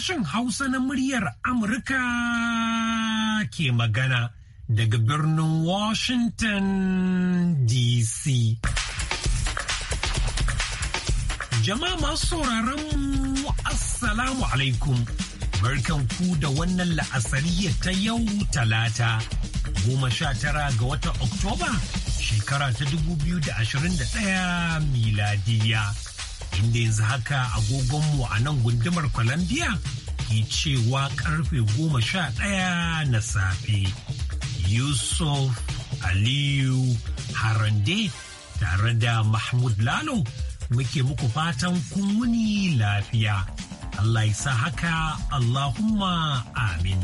Sashen Hausa na muryar Amurka ke magana daga birnin Washington DC. Jama'a masu sauraron mu Assalamu alaikum. Barkan ku da wannan la'asariya ta yau talata. Goma sha tara ga watan Oktoba shekara ta 2021 miladiya. inda yanzu haka agogonmu a nan gundumar Colombia ke cewa karfe goma sha ɗaya na safe. Yusuf Aliyu Harande tare da Mahmud Lalo muke muku fatan kun lafiya. Allah ya sa haka Allahumma amin.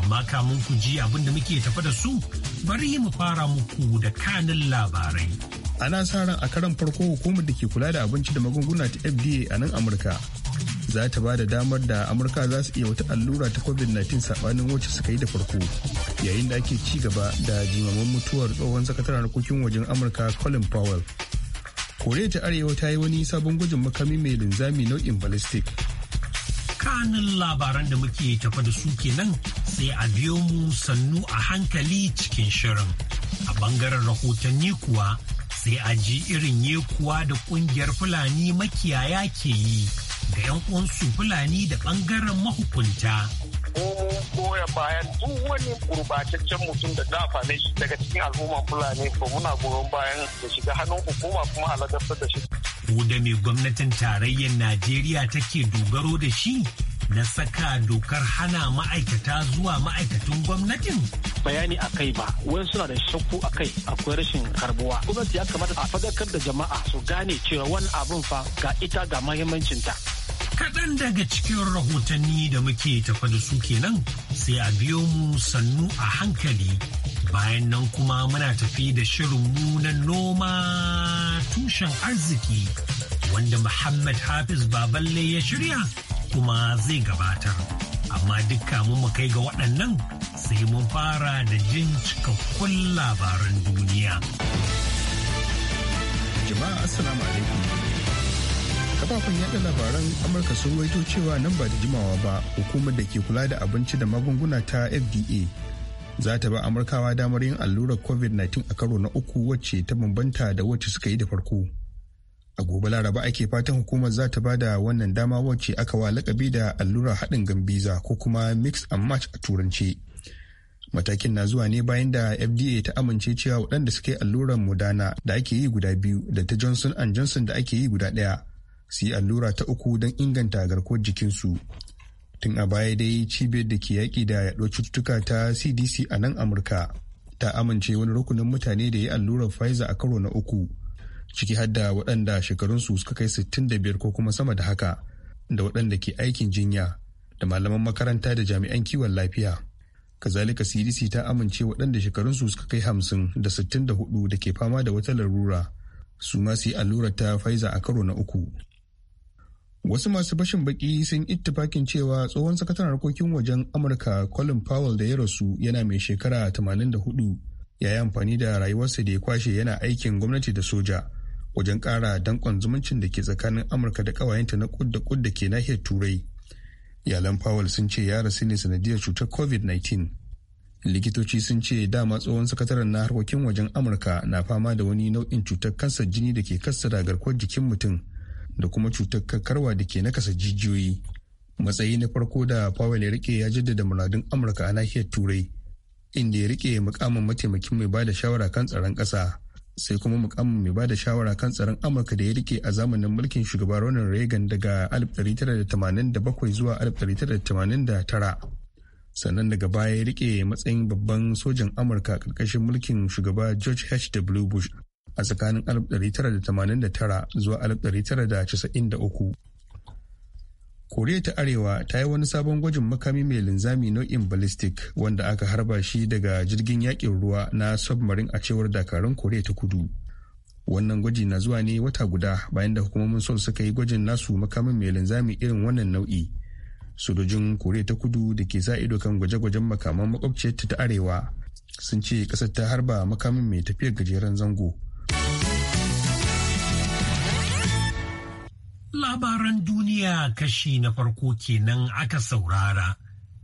Amma kamun ku ji abinda muke tafa da su bari mu fara muku da kanin labarai. ana sa ran a karan farko hukumar da ke kula da abinci da magunguna ta fda a nan amurka za ta ba da damar da amurka za su iya wata allura ta covid-19 sabanin wacce suka yi da farko yayin da ake ci gaba da jimamin mutuwar tsohon sakataren harkokin wajen amurka colin powell koriya ta arewa ta yi wani sabon gwajin makami mai linzami nau'in ballistic kanin labaran da muke tafa da su kenan sai a biyo mu sannu a hankali cikin shirin a bangaren rahotanni kuwa sai a ji irin yekuwa da kungiyar fulani makiyaya ke yi ga 'yan uwansu fulani da ɓangaren mahukunta. goya bayan duk wani gurbataccen mutum da za fame shi daga cikin al'umma fulani ko muna goyon bayan da shiga hannun hukuma kuma a da shi. Ko da me gwamnatin tarayyar Najeriya take dogaro da shi na saka dokar hana ma'aikata zuwa ma'aikatan gwamnatin? Bayani a kai ba, wani suna da shakku a kai akwai rashin karbuwa. Gwamnati ya kamata a fadakar da jama'a su gane cewa wani abun fa ga ita ga mahimmancinta. Kaɗan daga cikin rahotanni da muke tafa da su kenan sai a biyo mu sannu a hankali. Bayan nan kuma muna tafi da shirin mu na noma tushen arziki wanda Muhammad Hafiz Baballe ya shirya kuma zai gabatar. Amma dukka mu kai ga waɗannan sai mun fara da jin cikakkun labaran duniya. Jama'a Assalamu alaikum. Kafafen yaɗa labaran Amurka sun waito cewa nan ba da jimawa ba hukumar da ke kula da abinci da magunguna ta FDA za ta ba Amurkawa damar yin allurar COVID-19 a karo na uku wacce ta bambanta da wacce suka yi da farko. a gobe laraba ake fatan hukumar za ta bada wannan dama wacce aka wa lakabi da allura haɗin gambiza ko kuma mix and match a turanci matakin na zuwa ne bayan da fda ta amince cewa waɗanda suka yi allurar modana da ake yi guda biyu da ta johnson and johnson da ake yi guda ɗaya su yi allura ta uku don inganta garkuwar jikinsu tun a baya dai cibiyar da ke yaƙi da yaɗo cututtuka ta cdc a nan amurka ta amince wani rukunin mutane da ya yi allurar pfizer a karo na uku ciki hadda da waɗanda shekarunsu suka kai 65 ko kuma sama da haka da waɗanda ke aikin jinya da malaman makaranta da jami'an kiwon lafiya. Kazalika CDC ta amince waɗanda shekarunsu suka kai 50 da 64 da ke fama da wata larura su masu yi allurar ta Pfizer a karo na uku. Wasu masu bashin baki sun ittifakin cewa tsohon sakataren harkokin wajen Amurka Colin Powell da ya rasu yana mai shekara 84 ya yi amfani da rayuwarsa da ya kwashe yana aikin gwamnati da soja wajen ƙara dankon zumuncin da ke tsakanin amurka da ƙawayenta na kudda da ke nahiyar turai iyalan powell sun ce ya rasu ne sanadiyar cutar covid-19 likitoci sun ce dama tsohon sakataren na harkokin wajen amurka na fama da wani nau'in cutar kansar jini da ke kassara garkuwar jikin mutum da kuma cutar kakkarwa da ke nakasa jijiyoyi matsayi na farko da powell ya rike ya jaddada muradun amurka a nahiyar turai inda ya rike mukamin mataimakin mai bada shawara kan tsaron ƙasa sai kuma mukamman mai bada shawara kan tsaron amurka da ya rike a zamanin mulkin shugaba ronald reagan daga 1987 zuwa 1989 sannan daga baya ya rike matsayin babban sojan amurka karkashin mulkin shugaba george h.w bush a tsakanin 1989 zuwa 1993 koriya ta arewa ta yi wani sabon gwajin makami mai linzami nau'in ballistic wanda aka harba shi daga jirgin yakin ruwa na submarine a cewar dakarun koriya ta kudu wannan gwaji na zuwa ne wata guda bayan da hukumomin sol suka yi gwajin nasu makamin mai linzami irin wannan nau'i sojojin koriya ta kudu da ke sa ido kan gwaje-gwajen makaman makwabciyarta ta arewa sun ce kasar ta harba makamin mai tafiyar gajeren zango sauran duniya kashi na farko kenan aka saurara.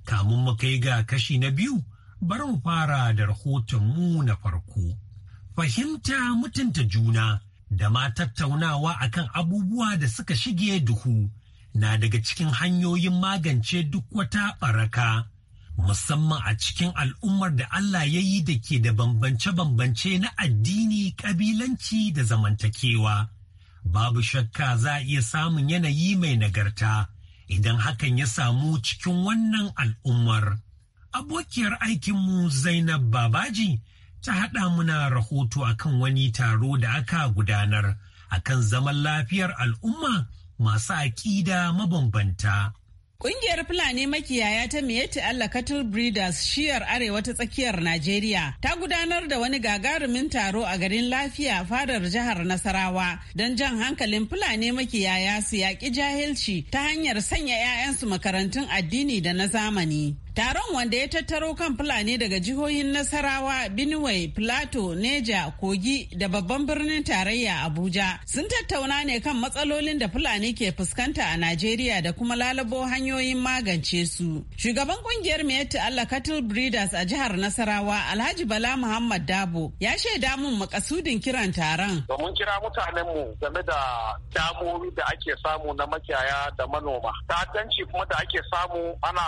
Kamun mu kai ga kashi na biyu, bari mu fara da rahotonmu na farko. Fahimta mutunta juna da ma tattaunawa akan abubuwa da suka shige duhu na daga cikin hanyoyin magance duk wata ɓaraka. Musamman a cikin al'ummar da Allah ya yi da ke da bambance-bambance na addini, ƙabilanci da zamantakewa. babu shakka za a iya samun yanayi mai nagarta idan hakan ya samu cikin wannan al'ummar. Abokiyar aikinmu Zainab Babaji ta haɗa muna rahoto akan wani taro da aka gudanar akan zaman lafiyar al'umma masu aƙida mabambanta. Kungiyar Fulani makiyaya ta mieti Allah Cattle Breeders shiyar arewa ta tsakiyar Najeriya ta gudanar da wani gagarumin taro a garin lafiya fadar jihar Nasarawa don jan hankalin Fulani makiyaya su yaƙi jahilci ta hanyar sanya 'ya'yansu makarantun addini da na zamani. Taron wanda ya tattaro kan Fulani daga jihohin Nasarawa, Benue, Plateau, Neja, Kogi da babban birnin tarayya Abuja sun tattauna ne kan matsalolin da Fulani ke fuskanta a Najeriya da kuma lalabo hanyoyin magance su. Shugaban kungiyar Mayatti Allah Cattle Breeders a jihar Nasarawa, Alhaji Bala Muhammad Dabo, ya shaida mun makasudin kiran taron. mun kira mutanenmu game da damomi da ake samu na makiyaya da manoma. Ta'addanci kuma da ake samu ana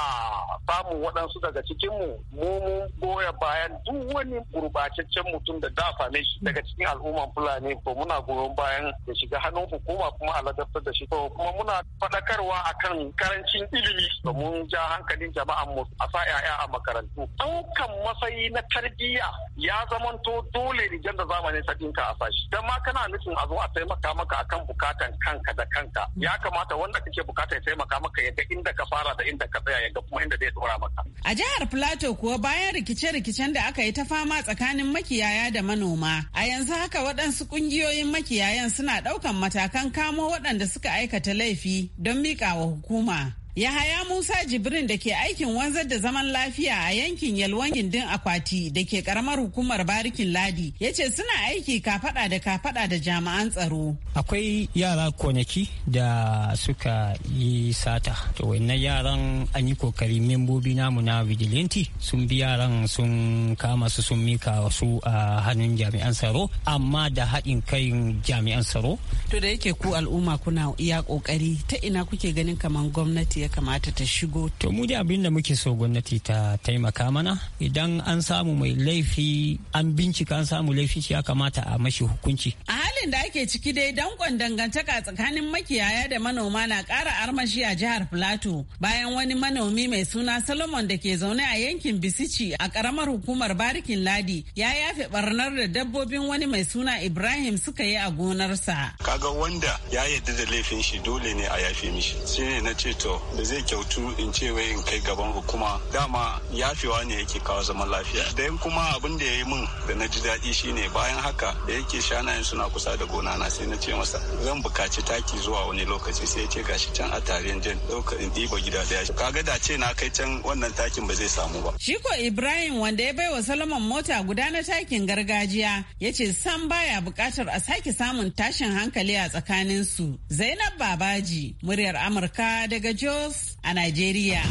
samu waɗansu daga cikinmu mu mun goya bayan duk wani gurbataccen mutum da za same shi daga cikin al'umman fulani ko muna goyon bayan da shiga hannun hukuma kuma a da shi ko kuma muna faɗakarwa akan karancin ilimi mun ja hankalin jama'an mu a sa 'ya'ya a makarantu ɗaukan masayi na tarbiyya ya zamanto dole ne da zamani ta dinka a sashi dan ma kana nufin a zo a taimaka maka akan bukatan kanka da kanka ya kamata wanda kake bukata ya taimaka maka ya ga inda ka fara da inda ka tsaya ya ga kuma inda zai dora A jihar Plateau kuwa bayan rikice-rikicen da aka yi ta fama tsakanin makiyaya da manoma, a yanzu haka waɗansu ƙungiyoyin makiyayan suna ɗaukan matakan kamo waɗanda suka aikata laifi don miƙa wa hukuma. Yahaya Musa Jibrin da ke aikin wanzar da zaman lafiya a yankin Yalwan gindin Akwati da ke karamar hukumar Barikin Ladi ya ce suna aiki kafada da kafada da jami'an tsaro. Akwai yara kwanaki da suka yi sata. To wannan yaran an yi kokari membobi namu na vigilanti sun bi yaran sun kama su sun mika su a hannun jami'an tsaro amma da haɗin kai jami'an tsaro. To da yake ku al'umma kuna iya kokari ta ina kuke ganin kamar gwamnati ya kamata ta shigo. To mu da abin da muke so gwamnati ta taimaka mana idan an samu mai laifi an bincika an samu laifi ya kamata a mashi hukunci. A halin da ake ciki dai dankon dangantaka tsakanin makiyaya da manoma na ƙara armashi a jihar plateau bayan wani manomi mai suna Solomon da ke zaune a yankin Bisici a ƙaramar hukumar Barikin Ladi ya yafe barnar da dabbobin wani mai suna Ibrahim suka yi a gonarsa. Kaga wanda ya yarda da laifin shi dole ne a yafe mishi. shine na ce to da zai kyautu in ce wai in kai gaban hukuma dama yafewa ne yake kawo zaman lafiya da yin kuma abin da ya yi min da na ji daɗi shine bayan haka da yake shanayen suna kusa da gona na sai na ce masa zan bukaci taki zuwa wani lokaci sai ya ce gashi can a tarihin jan ɗauka in ɗiba gida da yashi. kaga da ce na kai can wannan takin ba zai samu ba. Shiko Ibrahim wanda ya bai wa salaman mota guda na takin gargajiya ya ce san baya bukatar a sake samun tashin hankali a tsakaninsu. Zainab Babaji, muryar Amurka daga Jos Lagos a Najeriya.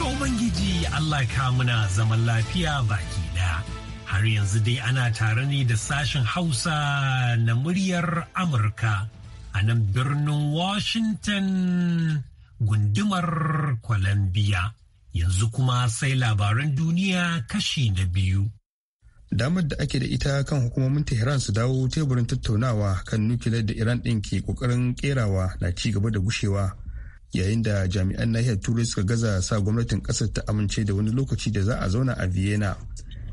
Ubangiji Allah muna zaman lafiya baki ɗaya. Har yanzu dai ana tare ne da sashen Hausa na muryar Amurka a nan birnin Washington gundumar Columbia. Yanzu kuma sai labaran duniya kashi na biyu. damar da ake da ita kan hukumomin tehran su dawo teburin tattaunawa kan nukiliyar da iran ɗin ke ƙoƙarin kerawa na ci gaba da gushewa yayin da jami'an nahiyar turai suka gaza sa gwamnatin ƙasar ta amince da wani lokaci da za a zauna a vienna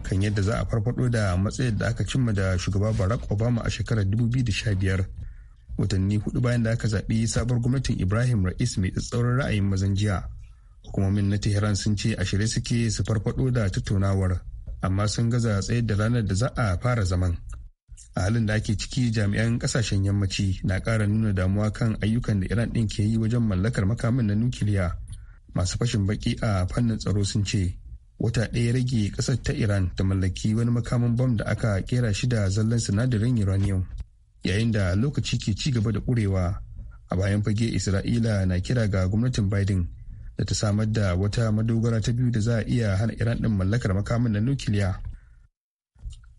kan yadda za a farfado da matsayin da aka cimma da shugaba barack obama a shekarar 2015 watanni hudu bayan da aka zaɓi sabuwar gwamnatin ibrahim ra'is mai tsatsauran ra'ayin mazan jiya hukumomin na tehran sun ce a shirye suke su farfado da tattaunawar amma sun gaza tsayar da ranar da za a fara zaman a halin da ake ciki jami'an kasashen yammaci na ƙara nuna damuwa kan ayyukan da iran ɗin ke yi wajen mallakar makamin na nukiliya masu fashin baki a fannin tsaro sun ce wata ɗaya rage ƙasar ta iran ta mallaki wani makamin bam da aka kera shi da zallan sinadarin uranium yayin da lokaci ke ci gaba da ƙurewa a bayan fage isra'ila na kira ga gwamnatin biden da ta samar da wata madogara ta biyu da za a iya hana iran din mallakar makamin na nukiliya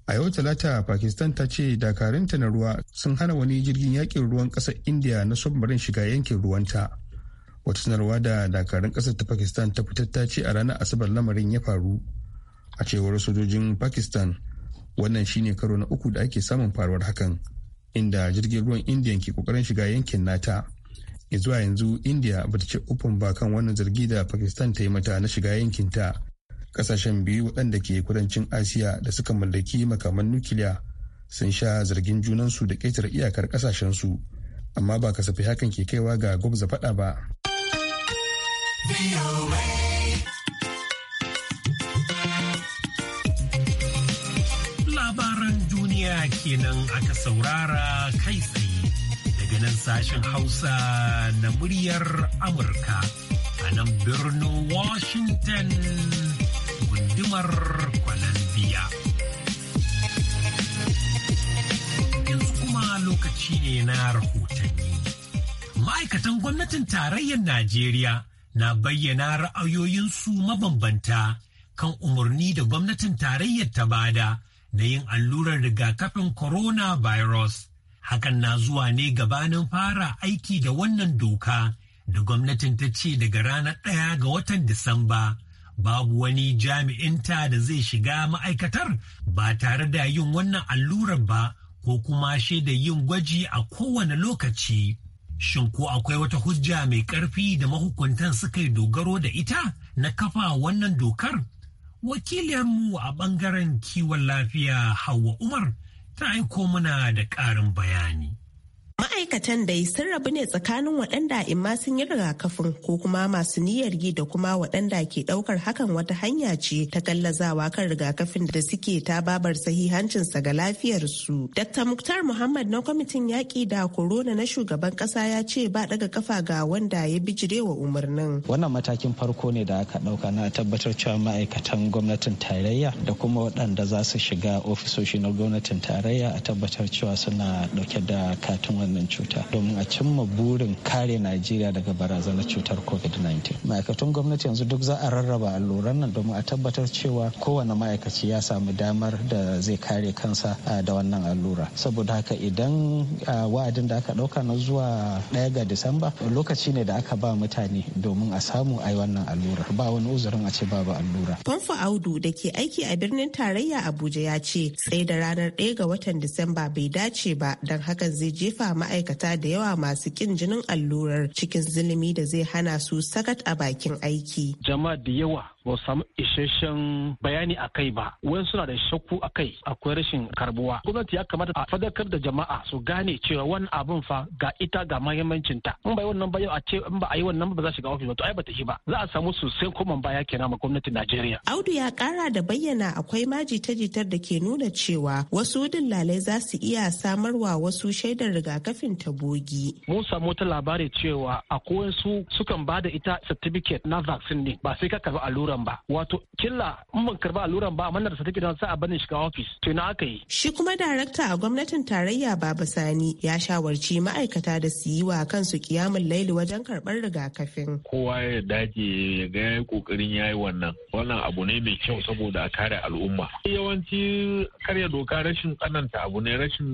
a yau talata pakistan ta ce dakarunta na ruwa sun hana wani jirgin yakin ruwan ƙasar india na submarine shiga yankin ruwanta wata sanarwa da dakarun ƙasar ta pakistan ta fitar ta ce a ranar asabar lamarin ya faru a cewar sojojin pakistan wannan shine karo na uku da ake samun faruwar hakan inda jirgin ruwan indiya ke kokarin shiga yankin nata zuwa yanzu india bata ce ufin ba kan wannan zargi da pakistan ta yi mata na shiga yankinta kasashen biyu waɗanda ke kudancin asiya da suka mallaki makaman nukiliya sun sha zargin junansu da ƙetare iyakar ƙasashensu amma ba kasafi hakan ke kaiwa ga gwabza faɗa ba labaran duniya kenan aka saurara kai daga nan sashen Hausa na muryar Amurka a nan birnin Washington gundumar Columbia. Yanzu kuma lokaci ne na rahotanni. Ma'aikatan gwamnatin tarayyar Najeriya na bayyana ra'ayoyinsu mabambanta kan umarni da gwamnatin tarayyar ta bada na yin allurar rigakafin coronavirus. virus. Hakan na zuwa ne gabanin fara aiki da wannan doka da gwamnatin ta ce daga ranar ɗaya ga watan Disamba. Babu wani jami'inta da zai shiga ma'aikatar ba tare da yin wannan allurar ba ko kuma da yin gwaji a kowane lokaci. Shin ko akwai wata hujja mai ƙarfi da mahukuntan suka yi dogaro da ita na kafa wannan dokar? Wakiliyarmu a ɓangaren kiwon lafiya Hauwa Umar ta aiko muna da ƙarin bayani. Ma'aikatan dai sun rabu ne tsakanin waɗanda imma sun yi rigakafin ko kuma masu niyyar yi da kuma waɗanda ke ɗaukar hakan wata hanya ce ta gallazawa kan rigakafin da suke ta babar sahihancinsa ga lafiyarsu. Dr. Muktar Muhammad na kwamitin yaƙi da korona na shugaban ƙasa ya ce ba ɗaga kafa ga wanda ya bijirewa umarnin. Wannan matakin farko ne da aka ɗauka na tabbatar cewa ma'aikatan gwamnatin tarayya da kuma waɗanda za su shiga ofisoshi na gwamnatin tarayya a tabbatar cewa suna ɗauke da katin wannan cuta domin a cimma burin kare najeriya daga barazanar cutar covid-19 ma'aikatan gwamnati yanzu duk za a rarraba alluran nan domin a tabbatar cewa kowane ma'aikaci ya samu damar da zai kare kansa da wannan allura saboda haka idan wa'adin da aka ɗauka na zuwa ɗaya ga disamba lokaci ne da aka ba mutane domin a samu a yi wannan allura ba wani uzurin a ce babu allura famfo audu da ke aiki a birnin tarayya abuja ya ce sai da ranar 1 ga watan disamba bai dace ba don haka zai jefa ma'aikata da yawa masu kin jinin allurar cikin zulumi da zai hana su sakat a bakin aiki. Jama'a da yawa ba su samu isasshen bayani a kai ba wani suna da shakku a kai akwai rashin karbuwa gwamnati ya kamata a fadakar da jama'a su gane cewa wannan abin fa ga ita ga mahimmancin ta in ba yi wannan ba yau a ce in ba a yi wannan ba za shiga ofis ba to ai ba ta yi ba za a samu sosai koman baya kenan ma gwamnatin Najeriya Audu ya kara da bayyana akwai maji ta jitar da ke nuna cewa wasu dillalai za su iya samarwa wasu shaidar rigakafin tabogi mun samu ta labari cewa akwai su sukan ba da ita certificate na vaccine ne ba sai ka karba allura alluran ba wato killa in ban karba alluran ba amma da certificate sa a bani shiga office to na aka yi shi kuma darakta a gwamnatin tarayya Baba Sani ya shawarci ma'aikata da su yi wa kansu kiyamun laili wajen karbar rigakafin kowa ya dace ya ga yayi kokarin yayi wannan wannan abu ne mai kyau saboda a kare al'umma yawanci karya doka rashin tsananta abu ne rashin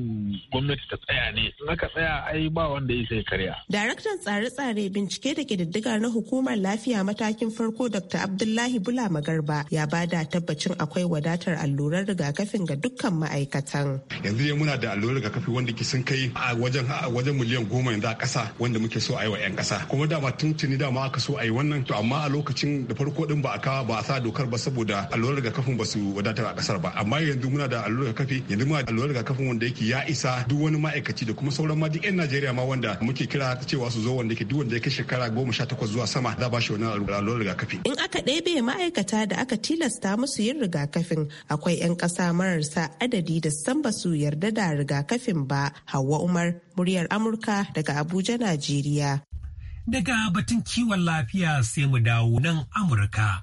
gwamnati ta tsaya ne in aka tsaya ai ba wanda ya sai karya daraktan tsare-tsare bincike da ƙididdiga na hukumar lafiya matakin farko Dr. Abdullahi Abdullahi Bula Magarba ya bada tabbacin akwai wadatar allurar rigakafin ga dukkan ma'aikatan. Yanzu ne muna da allurar rigakafi wanda ke sun kai a wajen wajen miliyan goma yanzu a ƙasa wanda muke so a yi wa 'yan ƙasa. Kuma dama tuni dama aka so a yi wannan to amma a lokacin da farko din ba a kawo ba a sa dokar ba saboda allurar rigakafin ba su wadatar a ƙasar ba. Amma yanzu muna da allurar rigakafi yanzu muna da allurar rigakafin wanda yake ya isa duk wani ma'aikaci da kuma sauran ma duk 'yan Najeriya ma wanda muke kira cewa su zo wanda ke duk wanda ya kai shekara goma sha takwas zuwa sama za ba shi wannan allurar rigakafi. In aka ɗebe boye ma'aikata da aka tilasta musu yin rigakafin akwai 'yan ƙasa mararsa adadi da san ba su yarda da rigakafin ba hawa umar muryar amurka daga abuja najeriya daga batun kiwon lafiya sai mu dawo nan amurka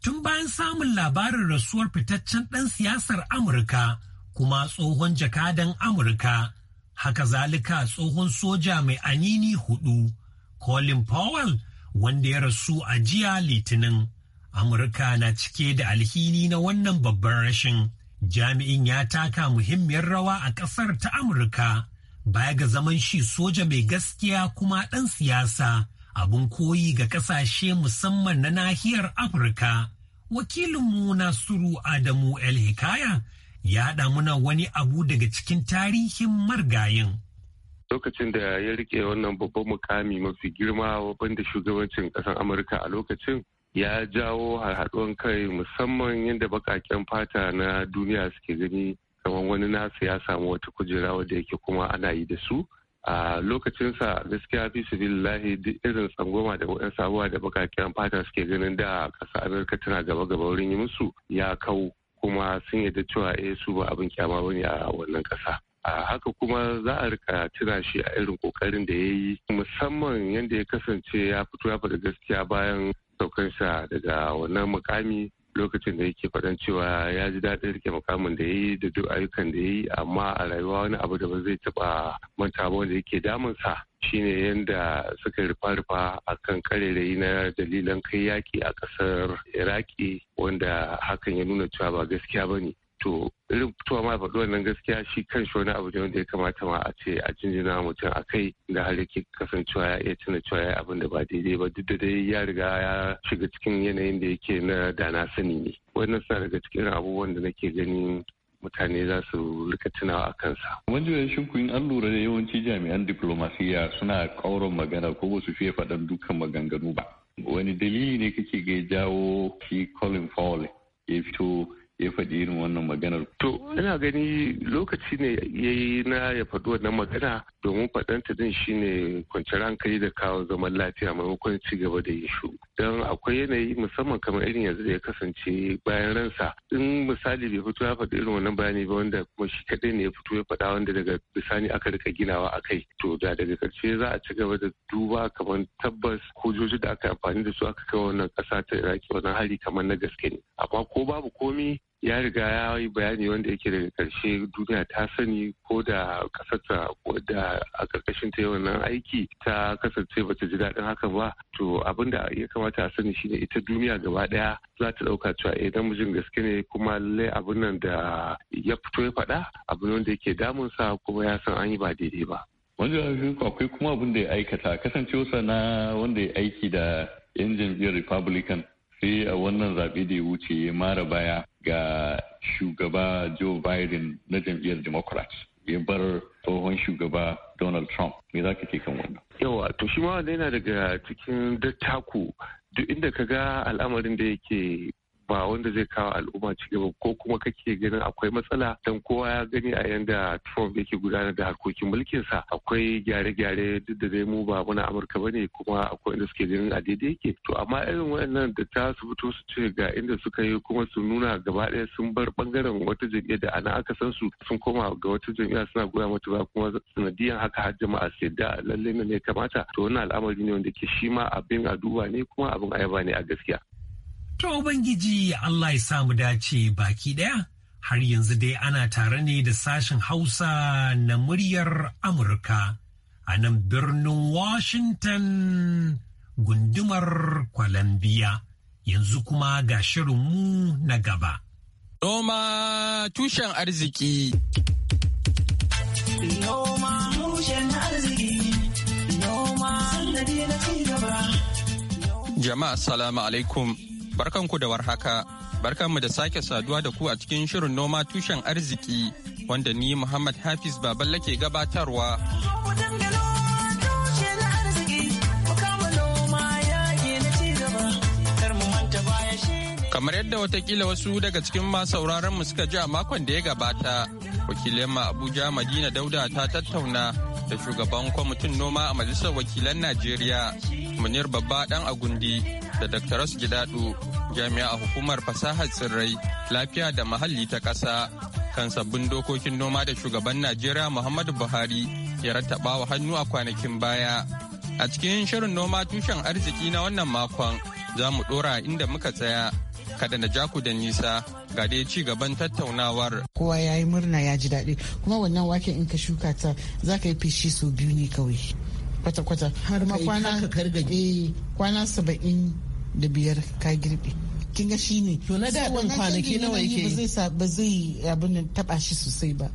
tun bayan samun labarin rasuwar fitaccen ɗan siyasar amurka kuma tsohon jakadan amurka haka zalika tsohon soja mai anini hudu colin powell wanda ya rasu a jiya litinin Amurka na cike da alhini na wannan babban rashin. Jami'in ya taka muhimmiyar rawa a ƙasar ta Amurka, baya ga zaman shi soja mai gaskiya kuma ɗan siyasa, abun koyi ga ƙasashe musamman na nahiyar Afirka. Wakilinmu Nasiru Adamu El Hikaya ya haɗa muna wani abu daga cikin tarihin margayin. lokacin da ya riƙe wannan babban mukami mafi girma wanda shugabancin ƙasar amurka a lokacin ya jawo haɗuwan kai musamman yadda bakaken fata na duniya suke gani kamar wani nasu ya samu wata kujera wadda yake kuma ana yi da su a lokacinsa gaskiya fi su billahi duk irin tsangwama da waɗansu abubuwa da bakaken fata suke ganin da ƙasa amurka tana gaba gaba wurin yi musu ya kau kuma sun yadda cewa eh su ba abin kyama ba ne a wannan ƙasa a haka kuma za a rika tuna shi a irin kokarin da ya yi musamman yadda ya kasance ya fito ya faɗi gaskiya bayan saukarsa daga wannan mukami lokacin da yake faɗan cewa ya ji daɗin rike mukamin da ya yi da duk ayyukan da ya yi amma a rayuwa wani abu da ba zai taɓa manta ba wanda yake damunsa shine yadda suka rufa-rufa a kan karerayi na dalilan kai yaƙi a ƙasar iraki wanda hakan ya nuna cewa ba gaskiya ba ne to irin fitowa ma faɗi wannan gaskiya shi kan shi wani abu ne wanda ya kamata ma a ce a jinjina mutum a kai da har yake kasancewa ya iya tuna cewa ya abin da ba daidai ba duk da dai ya riga ya shiga cikin yanayin da yake na da na sani ne wannan suna daga cikin abubuwan da nake ganin mutane za su rika tunawa a kansa. Wajen shinkun an lura da yawanci jami'an diplomasiya suna kauran magana ko ba su fiye faɗan dukkan maganganu ba. Wani dalili ne kake ga jawo shi Colin Powell ya fito ya faɗi irin wannan maganar. To ina gani lokaci ne ya yi na ya faɗi wannan magana domin faɗanta din shi ne kwanciyar hankali da kawo zaman lafiya maimakon ci gaba da yin shu. Don akwai yanayi musamman kamar irin yanzu da ya kasance bayan ransa. In misali bai fito ya faɗi irin wannan bayani ba wanda kuma shi kaɗai ne ya fito ya faɗa wanda daga bisani aka rika ginawa a kai. To da daga ƙarshe za a ci gaba da duba kamar tabbas kojojin da aka yi amfani da su aka kai wannan ƙasa ta Iraki wannan hari kamar na gaske ne. Amma ko babu komi ya riga ya yi bayani wanda yake daga karshe duniya ta sani ko da kasarta wadda a karkashin ta wannan aiki ta kasance bata ji daɗin haka ba to abin da ya kamata a sani shine ita duniya gaba ɗaya za ta ɗauka cewa idan eh, mijin gaske ne kuma lallai abin nan da ya fito ya faɗa abin wanda yake damunsa kuma ya san an yi ba daidai ba. wanda akwai kuma abin da ya aikata wasa na wanda ya aiki da yan jam'iyyar republican sai a wannan zaɓe da ya wuce mara baya ga shugaba Joe Biden na jam'iyyar Democrats. ya bar tsohon shugaba Donald Trump. Me za ka ke kan wannan? Yawa, to shi ma yana daga cikin dattako duk inda ka ga al'amarin da yake ba wanda zai kawo al'umma ci ba ko kuma kake ganin akwai matsala dan kowa ya gani a yanda Trump yake gudanar da harkokin mulkinsa akwai gyare-gyare duk da dai mu ba muna Amurka bane kuma akwai inda suke ganin a daidai yake to amma irin waɗannan da ta su fito su ce ga inda suka yi kuma su nuna gaba ɗaya sun bar bangaren wata jam'iyya da ana aka san su sun koma ga wata jami'a suna goya mata ba kuma sanadiyan haka har jama'a su yadda lalle ne kamata to wannan al'amari ne wanda ke shi ma abin a duba ne kuma abin ayaba ne a gaskiya To Ubangiji Allah ya samu dace baki ɗaya. Har yanzu dai ana tare ne da sashen Hausa na muryar Amurka a nan birnin Washington gundumar Columbia. Yanzu kuma ga shirinmu na gaba. Noma tushen arziki. Noma tushen arziki. Noma sannadi na ci gaba. Jama'a salamu alaikum. Barkanku da warhaka, barkanmu da sake saduwa da ku a cikin shirin noma tushen arziki wanda ni Muhammad Hafiz Baballa ke gabatarwa. Kamar yadda watakila wasu daga cikin masu mu suka ji a makon da ya gabata, wakilin ma Abuja Madina Dauda ta tattauna da shugaban kwamitin noma a Majalisar Wakilan Najeriya, Munir Babba Dan Agundi. da Dr. Ross Gidadu jami'a a hukumar fasahar tsirrai lafiya da muhalli ta ƙasa kan sabbin dokokin noma da shugaban Najeriya Muhammadu Buhari ya rattaba wa hannu a kwanakin baya. A cikin shirin noma tushen arziki na wannan makon za mu ɗora inda muka tsaya kada na ja ku da nisa ga dai ci gaban tattaunawar. Kowa ya yi murna ya ji daɗi kuma wannan wake in ka shuka ta za ka yi fishi sau biyu ne kawai. Kwata-kwata har ma eh, kwana saba'in da biyar ka girbe kin ga shi ne to na da ɗin kwanaki nawa yake ba zai abin nan taɓa shi sosai ba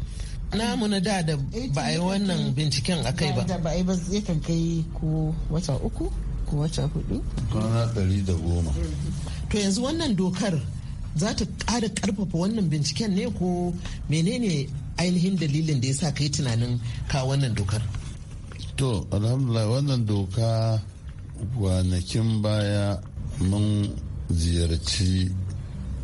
namu na da da eh, ba a yi wannan binciken akai ba ba a yi ba zai kan kai ko wata uku ko wata hudu kwana ɗari da goma to yanzu wannan dokar za ta ƙara ƙarfafa wannan binciken ne ko menene ainihin dalilin da ya sa kai tunanin ka wannan dokar to alhamdulillah wannan doka kwanakin baya mun ziyarci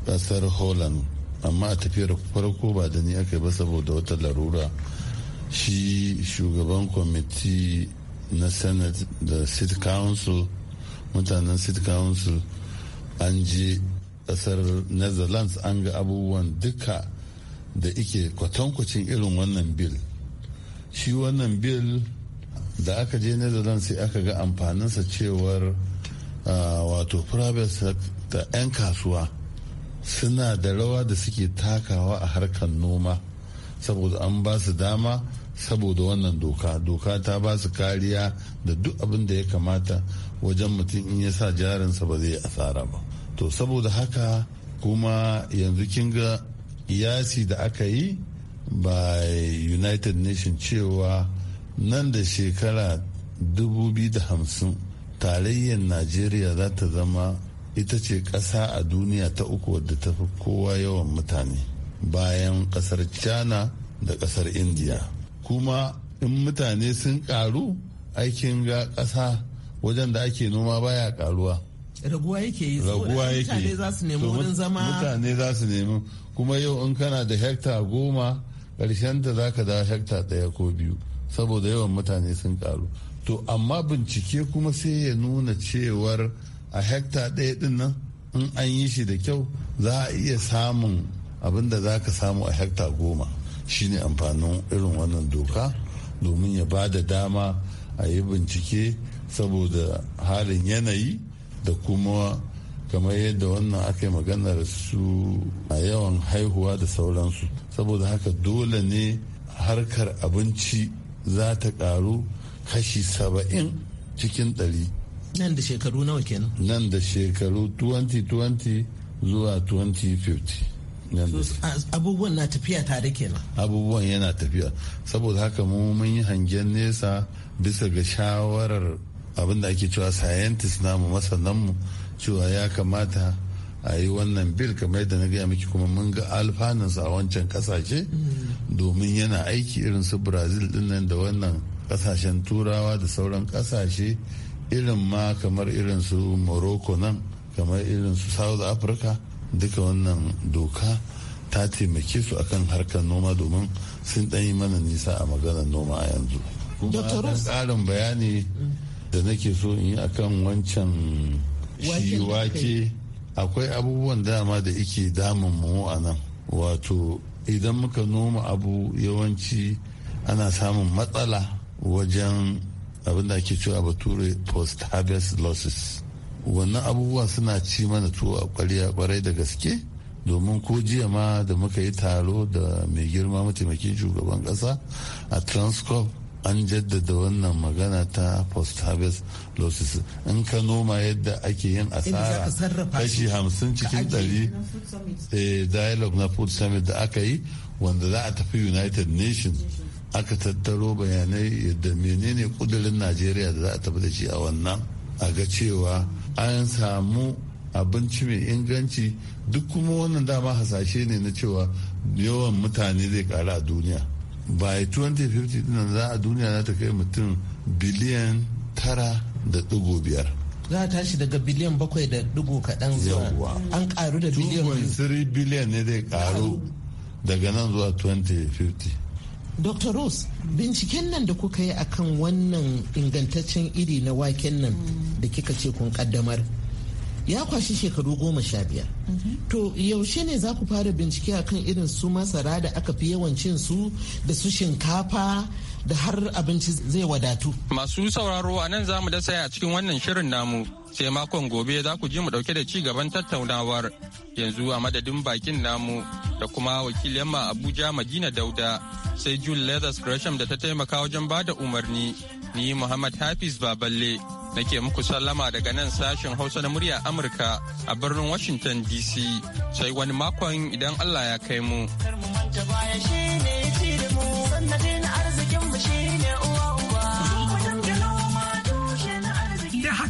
kasar holland amma a tafiyar farko ba da ni aka yi ba saboda wata larura shi shugaban kwamiti na senate da city council mutanen city council an je kasar netherlands an ga abubuwan duka da ike kwatankwacin irin wannan bill shi wannan bill da aka je netherlands sai aka ga amfaninsa cewar wato private sector 'yan kasuwa suna da rawa da suke takawa a harkar noma saboda an ba su dama saboda wannan doka doka ta ba su kariya da duk abin da ya kamata wajen mutum in ya sa jarinsa ba zai asara ba to saboda haka kuma yanzu kin ga yasi da aka yi by united nations cewa nan da shekara 2050 tarayyar najeriya za ta zama ita ce ƙasa a duniya ta uku wadda ta fi kowa yawan mutane bayan ƙasar china da ƙasar india kuma in mutane sun ƙaru aikin ga ƙasa wajen da ake noma baya ƙaruwa raguwa yake yi mutane za su nemi wurin zama mutane za su nemi kuma yau in kana da hekta goma ƙarshen ta za ka da hekta ɗaya ko biyu saboda yawan mutane sun karu. to amma bincike kuma sai ya nuna cewar a hekta ɗaya ɗin nan in an yi shi da kyau za a iya samun abin da za ka samu a hekta goma shine amfanin irin wannan doka domin ya ba da dama a yi bincike saboda halin yanayi da kuma kamar yadda wannan aka yi maganar su a yawan haihuwa da sauransu saboda haka dole ne harkar abinci za ta karu kashi saba'in cikin ɗari nan da shekaru nawa kenan nan da shekaru 2020 zuwa 2050 abubuwan na tafiya tare kenan abubuwan yana tafiya saboda haka mu mun yi hangen nesa bisa ga shawarar abin da ake cewa scientist namu mu cewa ya kamata a yi wannan bil kamar yadda na gaya miki kuma mun ga alfanunsa a wancan kasashe mm. domin yana aiki irin su brazil dinnan da wannan kasashen turawa da sauran kasashe irin ma kamar irin su morocco nan kamar irin su south africa duka wannan doka ta taimake su akan harkar noma domin sun yi mana nisa a maganar noma a yanzu kuma ƙarin bayani da nake so in yi akan wancan shi akwai abubuwan dama da ike damun mu a nan wato idan muka noma abu yawanci ana samun matsala wajen abin da ake cewa bature post harvest losses wannan abubuwa suna ci mana tuwo a kwariya kwarai da gaske domin ko jiya ma da muka yi taro da mai girma mataimakin shugaban kasa a transcorp an jaddada wannan magana ta post harvest losses in ka noma yadda ake yin asara kashi hamsin cikin dari eh, dialogue na food summit da aka yi wanda za a tafi united nations aka tattaro bayanai yadda menene kudirin najeriya da za a tafi da shi a wannan a ga cewa an samu abinci mai inganci duk kuma wannan dama hasashe ne na cewa yawan mutane zai kara a duniya by 2050 dinan za a duniya za ta kai mutum biliyan tara da ɗigo biyar za a tashi daga biliyan bakwai da dugu kaɗan zuwa an karu da biliyan 2.3 biliyan ne zai karu daga nan zuwa 2050 dr rose binciken nan da kuka yi akan wannan ingantaccen iri na waken nan da kika ce kun kaddamar ya kwashi shekaru goma sha biyar to yaushe ne za ku fara bincike akan irin su masara da aka fi yawancin su da su shinkafa da har abinci zai wadatu. Masu sauraro a nan za mu dasa a cikin wannan shirin namu sai makon gobe za ku ji mu dauke da ci gaban tattaunawar yanzu a madadin bakin namu da kuma wakil yamma Abuja Madina Dauda sai Jul Leathers Gresham da ta taimaka wajen ba da umarni ni Muhammad Hafiz Baballe nake muku sallama daga nan sashen Hausa na murya Amurka a birnin Washington DC sai wani makon idan Allah ya kai mu.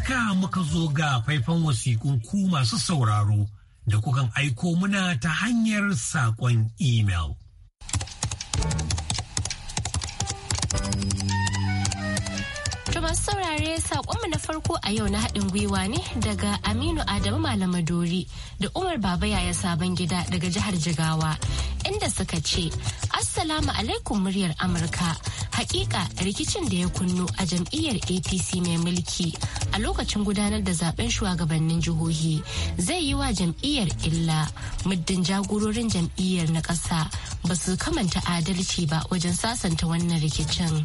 haka muka zo ga faifan wasiƙun ku masu sauraro da kukan aiko muna ta hanyar saƙon imel. masu saurare saƙonmu na farko a yau na haɗin gwiwa ne daga Aminu Adamu Malamadori da Umar Baba Yaya Sabon Gida daga jihar Jigawa inda suka ce Assalamu alaikum muryar Amurka. Hakika rikicin da ya kunnu a jam'iyyar APC mai mulki a lokacin gudanar da zaben shugabannin jihohi zai yi wa jam'iyyar illa muddin jagororin jam'iyyar na ƙasa ba su kamanta adalci ba wajen sasanta wannan rikicin.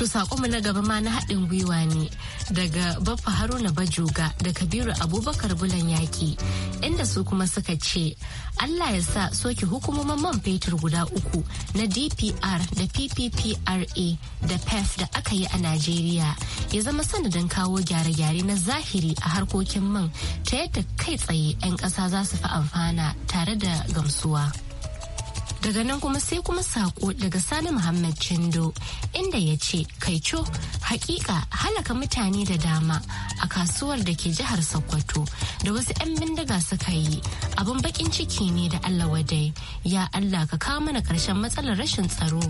To sakonmu na gaba ma na haɗin gwiwa ne daga Baffa Haruna Bajoga da Kabiru Abubakar Bulan Yaki inda su kuma suka ce Allah ya sa soke hukumomin man fetur guda uku na DPR da PPPRA da PEF da aka yi a Najeriya ya zama sanadin kawo gyare-gyare na zahiri a harkokin man ta yadda kai tsaye 'yan ƙasa za su fi amfana tare da gamsuwa. daga nan kuma sai kuma sako daga sani muhammad chindo inda ya ce kaico hakika halaka mutane da dama a kasuwar da ke jihar sokoto da wasu 'yan bindiga suka yi abin bakin ciki ne da allah wadai ya allah ka kawo mana karshen matsalar rashin tsaro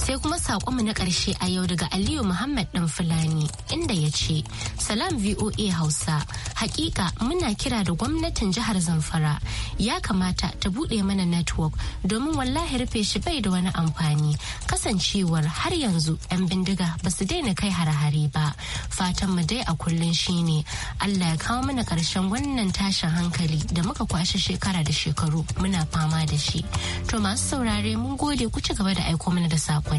sai kuma mu na ƙarshe a yau daga aliyu muhammad ɗan fulani inda ya ce salam voa hausa hakika muna kira da gwamnatin jihar zamfara ya kamata ta buɗe mana network domin wallahi rufe shi bai da wani amfani kasancewar har yanzu 'yan bindiga ba su daina kai hare ba fatan mu dai a kullum shine allah ya kawo mana ƙarshen wannan tashin hankali da muka kwashe shekara da shekaru muna fama da shi to masu saurare mun gode ku ci gaba da aiko mana da saƙo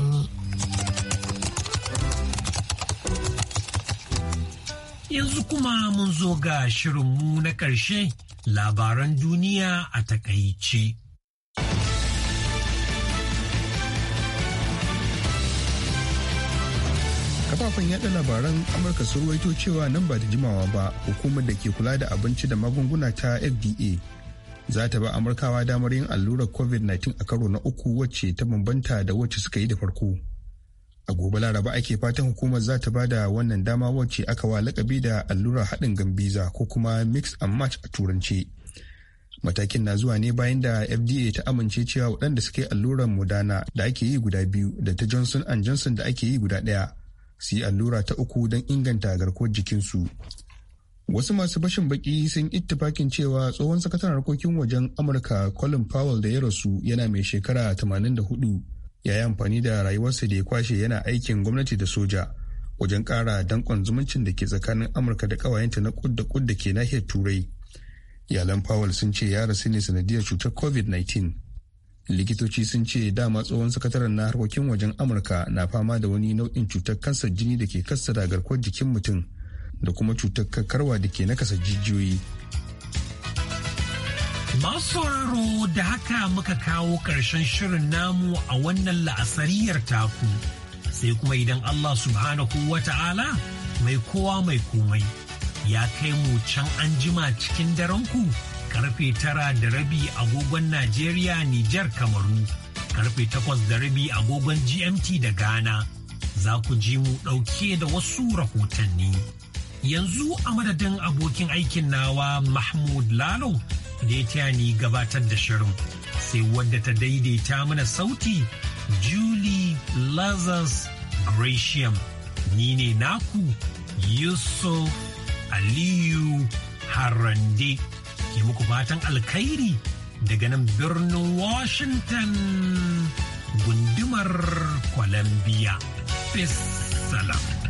Yanzu kuma mun zo ga shirinmu na ƙarshe labaran duniya a takaice. kafafen yaɗa labaran amurka sun ruwaito cewa nan ba da jimawa ba hukumar da ke kula da abinci da magunguna ta fda za ta ba amurkawa damar yin allurar covid-19 a karo na uku wacce ta bambanta da wacce suka yi da farko a gobe laraba ake fatan hukumar za ta ba da wannan dama wacce aka wa lakabi da allurar haɗin gambiza ko kuma mix and match a turanci matakin na zuwa ne bayan da fda ta amince cewa waɗanda suka yi allurar modana da ake yi guda biyu da ta johnson and johnson da ake yi guda ɗaya su yi allura ta uku don inganta garkuwar jikinsu wasu masu bashin baki sun ittifakin cewa tsohon sakataren harkokin wajen amurka colin powell da ya rasu yana mai shekara 84 ya yi amfani da rayuwarsa da ya kwashe yana aikin gwamnati da soja wajen kara dankon zumuncin da ke tsakanin amurka da ƙawayenta na kud da da ke nahiyar turai iyalan powell sun ce ya rasu ne sanadiyar cutar covid-19 likitoci sun ce dama tsohon sakataren na harkokin wajen amurka na fama da wani nau'in cutar kansar jini da ke kassara garkuwar jikin mutum da kuma cutar kakarwa da ke nakasa jijiyoyi. Masu sauraro da haka muka kawo ƙarshen shirin namu a wannan la'asariyar taku sai kuma idan Allah subhanahu wa ta'ala mai kowa mai komai ya kai mu can an jima cikin daren karfe tara da rabi agogon Najeriya Nijar Kamaru karfe takwas da rabi agogon GMT da Ghana za ku ji mu ɗauke da wasu rahotanni. yanzu a madadin abokin aikin nawa mahmud lalo da ya taya ni gabatar da shirin sai wadda ta daidaita mana sauti julie lazarus gratiam ni ne naku yusuf aliyu harande ke muku fatan alkhairi daga nan birnin washington gundumar columbia peace salam